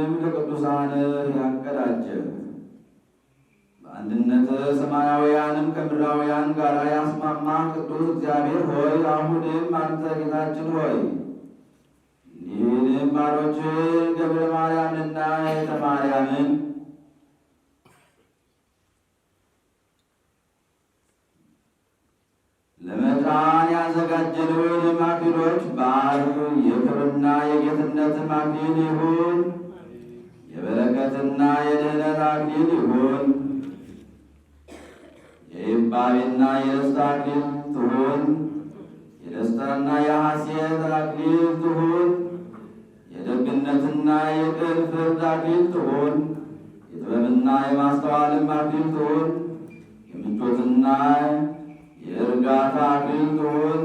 ሌሎችንም ከቅዱሳን ያቀዳጀ በአንድነት ሰማያውያንም ከምድራውያን ጋር ያስማማ ቅዱስ እግዚአብሔር ሆይ አሁንም አንተ ጌታችን ሆይ ይህን ባሮችን ገብረ ማርያምንና የተ ማርያምን ለመጣን ያዘጋጀነውን ማክሊሎች በዓሉ የክብርና የጌትነት ማክሊል ይሁን የእምነትና የድኅነት አክሊል ይሁን። የይባቤና የደስታ አክሊል ትሁን። የደስታና የሐሴት አክሊል ትሁን። የደግነትና የቅን ፍርድ አክሊል ትሁን። የጥበብና የማስተዋልም አክሊል ትሁን። የምቾትና የእርጋታ አክሊል ትሁን።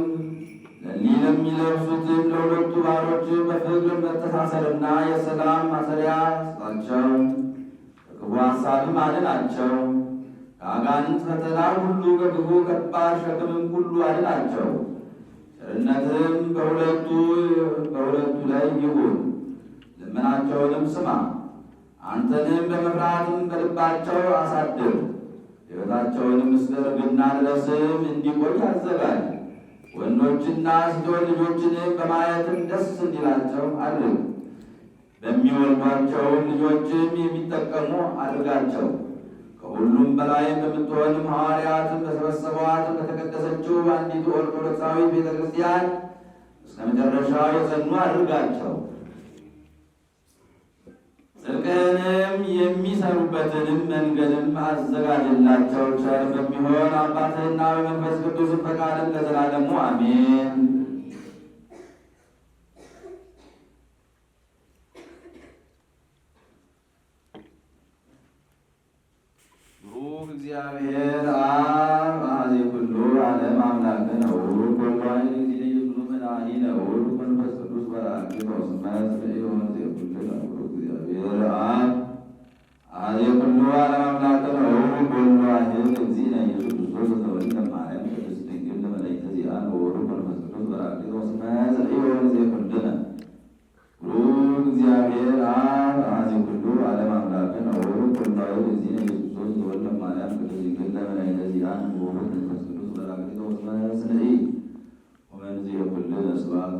እኒህንም ለሚለብሱት ለሁለቱ ባህሮች በፍቅር መተሳሰርና የሰላም ማሰሪያ ስጣቸው፣ ከክፉ ሐሳብም አድናቸው። ከአጋንንት ፈተና ሁሉ ከክፉ ከባድ ሸክምም ሁሉ አድናቸው። ቸርነትም በሁለቱ በሁለቱ ላይ ይሁን። ልመናቸውንም ስማ፣ አንተንም በመፍራትም በልባቸው አሳድር። ሕይወታቸውንም እስከ እርግና ድረስም እንዲቆይ አዘጋጅ። ወንዶችና ሴቶች ልጆችን በማየትም ደስ እንዲላቸው አድርግ። በሚወልዷቸውን ልጆችም የሚጠቀሙ አድርጋቸው። ከሁሉም በላይ በምትሆን ሐዋርያትን በሰበሰቧት በተቀደሰችው አንዲቱ ኦርቶዶክሳዊ ቤተ ክርስቲያን እስከ መጨረሻው የጸኑ አድርጋቸው። ጽድቅህንም የሚሰሩበትንም መንገድም አዘጋጅላቸው። ቸር በሚሆን አባትህና በመንፈስ ቅዱስ ፈቃድም ለዘላለሙ አሜን። ብሩክ እግዚአብሔር አብ አሐዜ ኩሉ ዓለም አምላክ ነው ኮባይ ጊዜ ሁሉ መድኃኒ ነው መንፈስ ቅዱስ በራኪ ነው ስመት የሆነ ዜ ሁሉ ነው እግዚአብሔር አብ የሁሉዋን አምላክ ነው ሁሉ አይሁን እዚህ ነው ኢየሱስ ክርስቶስ ተወልደ ማርያም ቅድስት ድንግል ለመላእክት ዚአን ወወልድ ወመንፈስ ቅዱስ በራቅቶ ስመ ዘኢዮን ዘይፈርድነ ሁሉ እግዚአብሔር አብ አዚ ሁሉ ዓለም አምላክ ነው ሁሉ አይሁን እዚህ ነው ኢየሱስ ክርስቶስ ተወልደ ማርያም ቅድስት ድንግል ለመላእክት ዚአን ወወልድ ወመንፈስ ቅዱስ በራቅቶ ስመ ዘኢዮን ዘይፈርድነ ስብሐት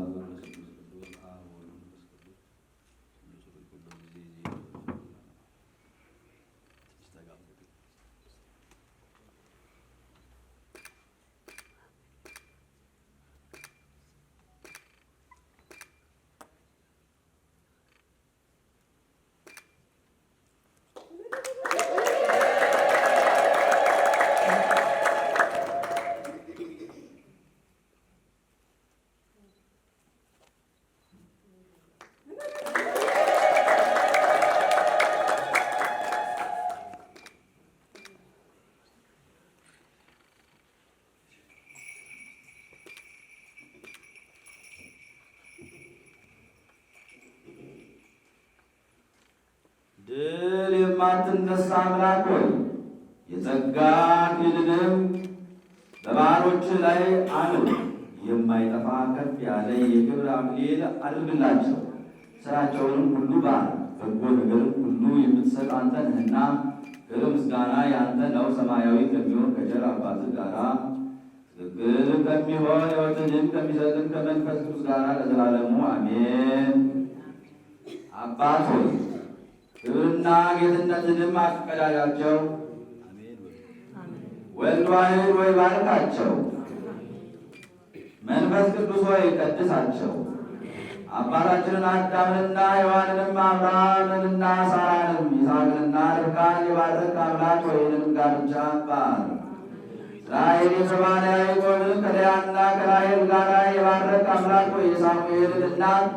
አምላክ ሆይ የጸጋ ክልልም በባሮች ላይ አኑር። የማይጠፋ ከፍ ያለ የግብር አክሊል አድርግላቸው። ስራቸውንም ሁሉ ባር በጎ ነገር ሁሉ የምትሰጥ አንተ ነህና ክብር ምስጋና ያንተ ነው። ሰማያዊ ከሚሆን ከቸር አባት ጋራ ትግል ከሚሆን ሕይወትንም ከሚሰጥም ከመንፈስ ቅዱስ ጋራ ለዘላለሙ አሜን። አባት ሆይ ጥበብና ጌትነትንም አስቀዳጃቸው። ወልድ ዋሕድ ወይ ባርካቸው፣ መንፈስ ቅዱስ ወይ ቀድሳቸው። አባታችንን አዳምንና ሔዋንንም አብርሃምንና ሳራንም ይስሐቅንና ርብቃን የባረክ አምላክ ወይንም ጋብቻ አባት እስራኤል የተባለ ያዕቆብን ከልያና ከራሔል ጋራ የባረክ አምላክ ወይ የሳሙኤልን እናት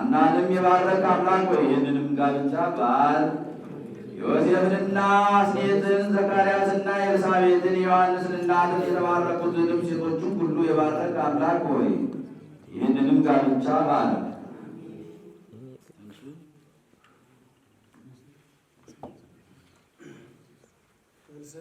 አናንም የባረከ አምላክ ወይ ይህንንም ጋብቻ ባል ዮሴፍንና አስቄጥን ዘካርያስና ኤልሳቤጥን ዮሐንስን እናትን የተባረኩትንም ሴቶቹ ሁሉ የባረከ አምላክ ወይ ይህንንም ጋብቻ ባል Is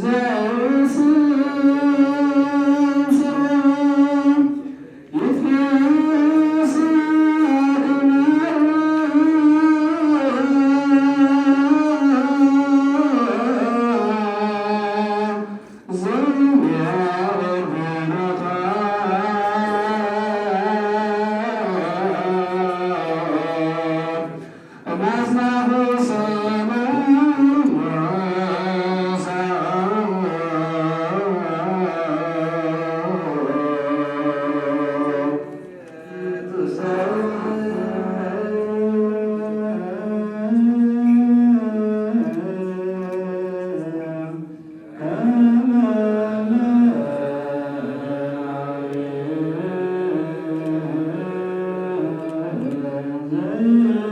যে Mm-hmm.